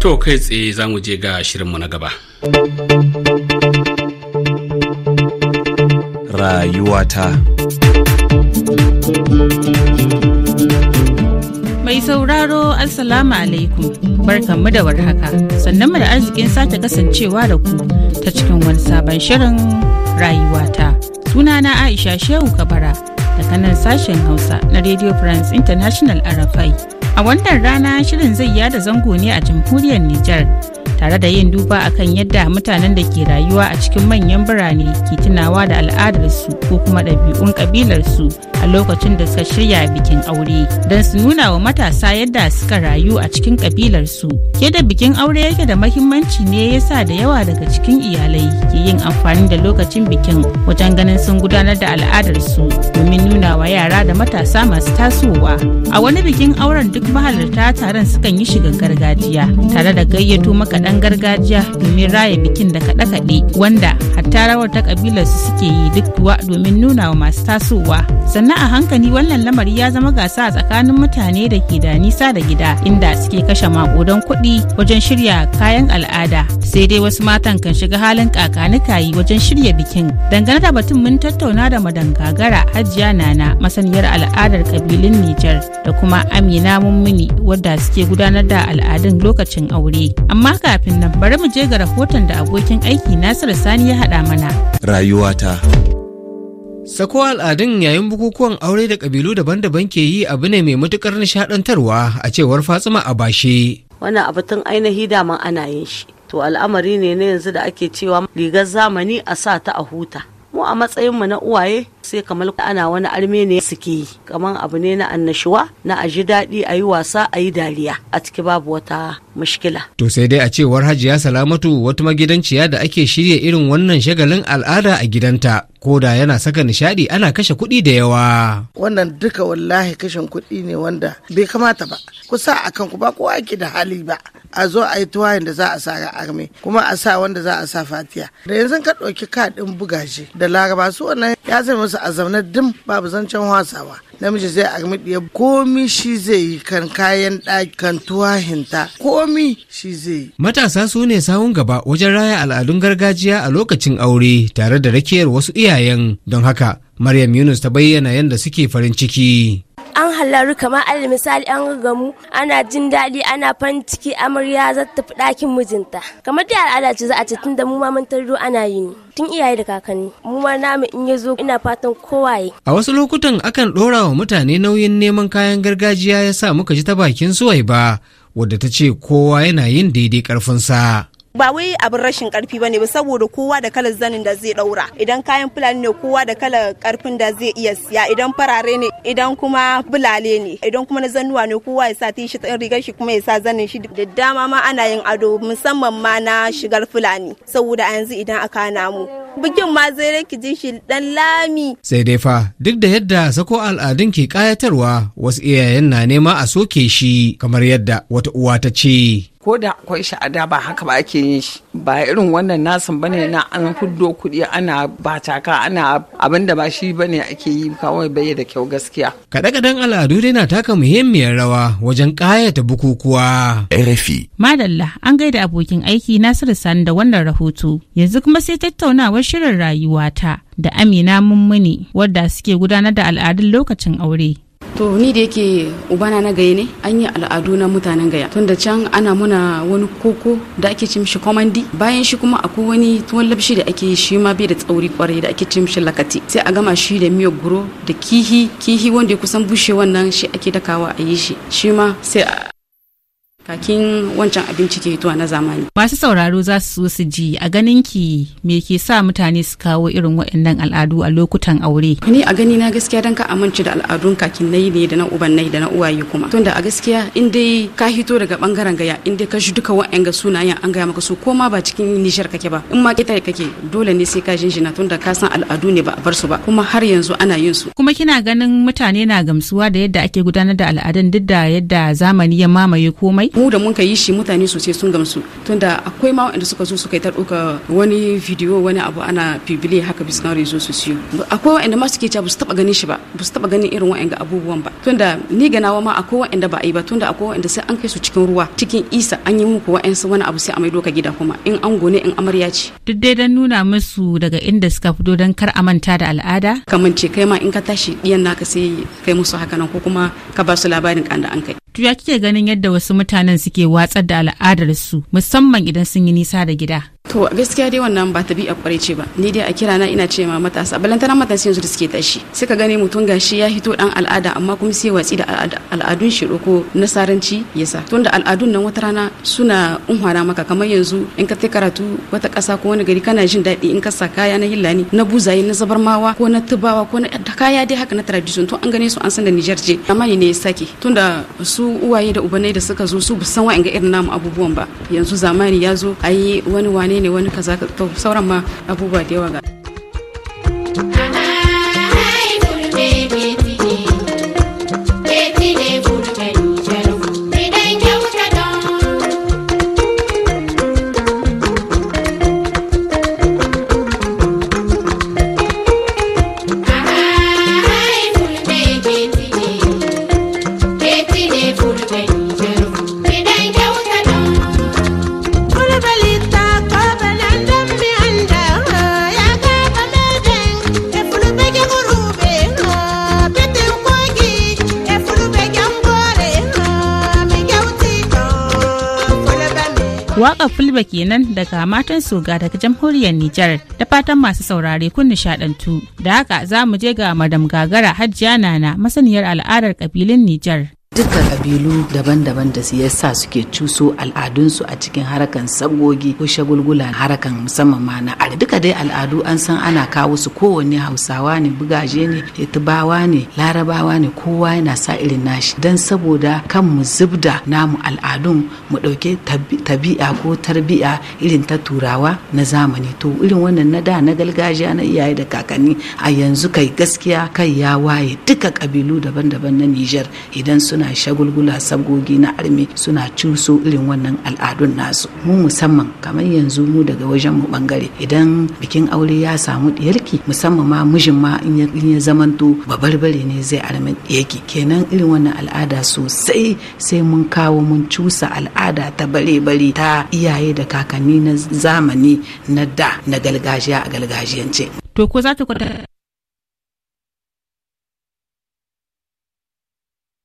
to kai tsaye za mu je ga shirinmu na gaba rayuwata Mai sauraro Assalamu alaikum barkanmu da warhaka sannan mu da arzikin sake kasancewa da ku ta cikin wani sabon shirin rayuwata. Sunana Aisha Shehu Kabara daga nan sashen Hausa na Radio France International RFI. A wannan rana shirin zai yada zango ne a jamhuriyar Nijar tare da yin duba akan yadda mutanen da ke rayuwa a cikin manyan birane ke tunawa da al'adarsu ko kuma ɗabi'un ƙabilarsu a lokacin da suka shirya bikin aure don su nuna wa matasa yadda suka rayu a cikin ƙabilarsu. Yadda bikin aure yake da mahimmanci ne ya sa da yawa daga cikin iyalai ke yin amfani da lokacin bikin wajen ganin sun gudanar da al'adarsu domin nuna wa yara da matasa masu tasowa. A wani bikin auren duk mahalarta taron sukan yi shigar gargajiya tare da gayyato makaɗa dan gargajiya domin raya bikin da kaɗe-kaɗe wanda hatta rawar ta kabilar su suke yi duk kuwa domin nuna wa masu tasowa. Sannan a hankali wannan lamari ya zama gasa a tsakanin mutane da ke da nisa da gida inda suke kashe maƙudan kuɗi wajen shirya kayan al'ada. Sai dai wasu matan kan shiga halin kakanikayi wajen shirya bikin. Dangane da batun mun tattauna da madangagara Hajiya Nana masaniyar al'adar kabilun Nijar da kuma Amina Mummuni wadda suke gudanar da al'adun lokacin aure. Amma ka kafin nan bari mu je ga rahoton da abokin aiki Nasiru Sani ya haɗa mana. Rayuwa ta. Sako al'adun yayin bukukuwan aure da ƙabilu daban-daban ke yi abu ne mai matuƙar nishaɗantarwa a cewar a Abashe. Wannan abu tun ainihi daman ana yin shi. To al'amari ne na yanzu da ake cewa rigar zamani a sa ta a huta. mu a matsayinmu na uwaye sai kamar ana wani arme ne suke yi kamar abu ne na annashuwa na aji daɗi a yi wasa a yi dariya a ciki babu wata mushkila. To sai dai a cewar Hajiya Salamatu wata magidanciya da ake shirya irin wannan shagalin al'ada a gidanta ko da yana saka nishaɗi ana kashe kuɗi da yawa. Wannan duka wallahi kashen kuɗi ne wanda bai kamata ba kusa akan ku ba kowa ake da hali ba a zo a yi tuwayin da za a sa ga arme kuma a sa wanda za a sa fatiya da yanzu ka ɗauki kaɗin bugaje da laraba su wannan ya zai musu a zaune dim babu zancen wasawa namiji zai armi ɗiya komi shi zai yi kan kayan ɗaki kan tuwahinta komi shi zai yi. Matasa su ne sawun gaba wajen raya al'adun gargajiya a lokacin aure tare da rakiyar wasu iyayen don haka Maryam Yunus ta bayyana yadda suke farin ciki. an halaru kamar alal misali an gamu ana jin daɗi ana farin ciki amarya za ta fi ɗakin mijinta kamar da al'ada ce za a ce tun da mu ma mun tarro ana yi ne tun iyaye da kakanni mu ma namu in ya zo ina fatan kowaye. a wasu lokutan akan ɗora wa mutane nauyin neman kayan gargajiya ya sa muka ji ta bakin suwai ba wadda ta ce kowa yana yin daidai ƙarfinsa. ba wai abin rashin karfi ba ne ba saboda kowa da kalar zanin da zai daura idan kayan fulani ne kowa da kalar karfin da zai iya siya idan farare ne idan kuma bulale ne idan kuma na zannuwa ne kowa ya sa tishi ɗin rigar shi kuma ya sa zanin shi da dama ma ana yin ado musamman ma na shigar fulani saboda a yanzu idan aka namu bikin ma zai ki ji shi dan lami. Sai dai fa duk da yadda sako al'adun ke kayatarwa wasu iyayen na nema a soke shi kamar yadda wata uwa ta ce. Ko da akwai sha'ada ba haka ba ake yin shi ba irin wannan nasan bane na an huddo kuɗi ana bataka ana abin da ba shi ba ne ake yi kawai bai da kyau gaskiya. Kaɗe-kaɗen al'adu dai na taka muhimmiyar rawa wajen ƙayata bukukuwa. RFI. Madalla an gaida abokin aiki Nasiru Sani da wannan rahoto yanzu kuma sai tattaunawar shirin rayuwata da Amina Mummuni wadda suke gudanar da al'adun lokacin aure. to ni da yake ubana na gaya ne an yi al'adu na mutanen gaya tunda can ana muna wani koko da ake cin shi komandi bayan shi kuma akwai wani tuwon labshi da ake shi ma bai da tsauri kwarai da ake cin shi lakati sai a gama shi da miyar guro da kihi kihi wanda ya kusan bushe wannan shi ake dakawa a yi shi shi ma sai kakin wancan abinci ke hituwa na zamani. Masu sauraro za su su ji a ganin ki me ke sa mutane su kawo irin waɗannan al'adu a lokutan aure. Ni a gani na gaskiya dan ka amince da al'adun kakin nayi ne da na uban nayi da na uwaye kuma. Tunda a gaskiya in dai ka hito daga bangaren gaya in dai ka shi duka wa'yan ga sunayen an gaya maka su ko ma ba cikin nishar kake ba in ma ƙetare kake dole ne sai ka jinjina tunda ka san al'adu ne ba a bar su ba kuma har yanzu ana yin su. Kuma kina ganin mutane na gamsuwa da yadda ake gudanar da al'adun duk da yadda zamani ya mamaye komai? mu da mun ka yi shi mutane sosai sun gamsu tunda akwai ma wanda suka zo suka yi ta wani video wani abu ana fibile haka bisa rezo su siyo akwai wanda ma suke cewa ba su taɓa ganin shi ba ba su taɓa ganin irin wa'anga abubuwan ba tunda ni ganawa ma akwai wanda ba a yi ba tunda akwai wanda sai an kai su cikin ruwa cikin isa an yi muku wa'ansu wani abu sai a maido ka gida kuma in an gone in amarya ce duk dai dan nuna musu daga inda suka fito dan kar a manta da al'ada kamance kai ma in ka tashi diyan naka sai kai musu haka nan ko kuma ka ba su labarin kan da an kai To ya kike ganin yadda wasu mutanen suke watsar da al'adarsu musamman idan sun yi nisa da gida? to gaskiya dai wannan ba bi a ce ba ni dai a kira na ina ce ma matasa balantana matasa yanzu da suke tashi suka gane mutum gashi ya hito dan al'ada amma kuma sai watsi da al'adun shi ko nasaranci yasa tunda al'adun nan wata rana suna unhwana maka kamar yanzu in ka ta karatu wata kasa ko wani gari kana jin daɗi in ka sa kaya na hillani na buzaye na zabarmawa ko na tubawa ko na kaya dai haka na tradition to an gane su an san da Nijar je amma ne ya sake tunda su uwaye da ubanai da suka zo su ba san wa'in ga irin namu abubuwan ba yanzu zamani ya zo ayi wani wane ne wani kaza sauran ma abubuwa da yawa ga Waƙar Fulba kenan daga matan Soga daga jamhuriyar Nijar da fatan masu saurare kun nishaɗantu. Da haka za mu je ga Madam Gagara hajjiya Nana masaniyar al'adar ƙabilun Nijar. dukkan kabilu daban-daban da siyasa suke cuso al'adunsu a cikin harakan sagogi ko shagulgula harakan musamman ma na are duka dai al'adu an san ana kawo su kowanne hausawa ne bugaje ne itibawa ne larabawa ne kowa yana sa irin nashi don saboda kan mu zubda namu al'adun mu ɗauke tabi'a ko tarbiya irin ta turawa na zamani to irin wannan na da na gargajiya na iyaye da kakanni a yanzu kai gaskiya kai ya waye duka kabilu daban-daban na Nijar idan suna suna shagulgula sabgogi na armi suna cuso irin wannan al'adun nasu mu musamman kamar yanzu mu daga wajen mu bangare idan bikin aure ya samu diyarki musamman ma mijin ma in ya zamanto babarbare ne zai armi yake kenan irin wannan al'ada sosai sai mun kawo mun cusa al'ada ta bare bare ta iyaye da kakanni na zamani na da na gargajiya a gargajiyance to ko za ta kwata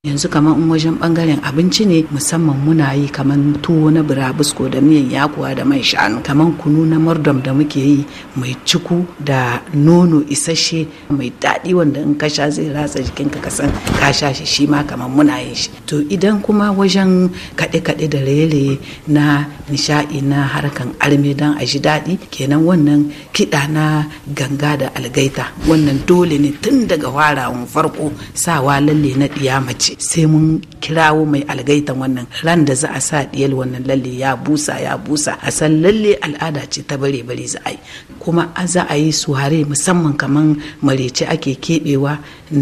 yanzu kamar in wajen bangaren abinci ne musamman muna yi kamar tuwo na burabusko da miyan yakuwa da man shanu kamar kunu na mardam da muke yi mai ciku da nono isasshe mai daɗi wanda in ka sha zai ratsa jikinka ka san ka sha shi shi ma kamar muna yin shi to idan kuma wajen kaɗe-kaɗe da raye-raye na nishaɗi na harkan arme don a ji daɗi kenan wannan kiɗa na ganga da algaita wannan dole ne tun daga warawan farko sawa lalle na ɗiya mace ce sai mun kirawo mai algaitan wannan ran da za a sa diyal wannan lalle ya busa ya busa a san lalle al'ada ce ta bare bare za a yi kuma za a yi su hare musamman kaman marece ake keɓewa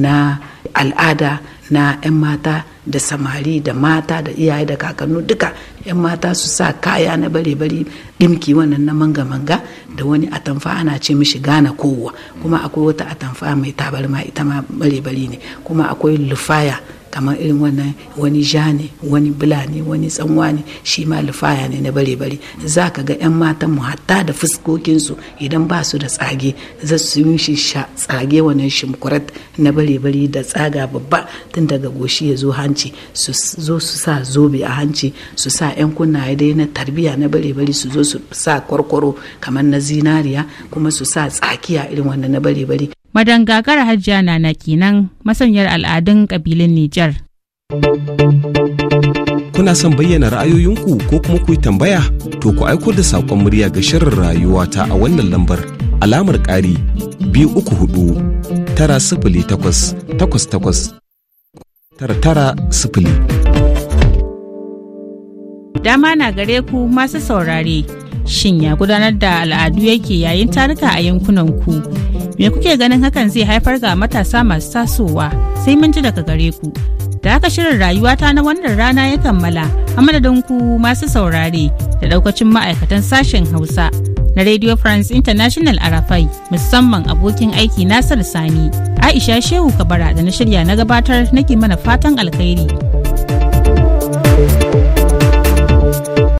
na al'ada na 'yan mata da samari da mata da iyaye da kakannu duka 'yan mata su sa kaya na bare-bare dimki wannan na manga-manga da wani atamfa ana ce mishi gana kowa kuma akwai wata atamfa mai tabarma ita ma bare-bare ne kuma akwai lufaya kamar irin wannan wani ja ne wani bula ne wani tsanwa ne shi ma lufaya ne na bare bare za ka ga 'yan matan mu hatta da fuskokinsu idan ba su da tsage za su yi shi tsage wannan shimkurat na bare bare da tsaga babba tun daga goshi ya zo hanci su zo su sa zobe a hanci su sa 'yan kunna dai na tarbiya na bare bare su zo su sa kwarkwaro kamar na zinariya kuma su sa tsakiya irin wannan na bare bare madan gagara hajjiya na kenan masanyar al'adun ƙabilun Nijar. Kuna son bayyana ra'ayoyinku ko kuma ku tambaya to ku aiko da saƙon murya ga shirin rayuwa ta a wannan lambar alamar ƙari biyu uku hudu tara sifili takwas takwas takwas tara tara sifili. Dama na gare ku masu saurare shin ya gudanar da al'adu yake yayin taruka a yankunanku. Me kuke ganin hakan zai haifar ga matasa masu tasowa sai mun ji daga gare ku. Da haka shirin rayuwata na wannan rana ya kammala a madadin ku masu saurare da daukacin ma'aikatan sashen Hausa na Radio France International Arafai musamman abokin aiki Nasir Sani. Aisha Shehu Kabara da na shirya na gabatar nake mana fatan alkhairi.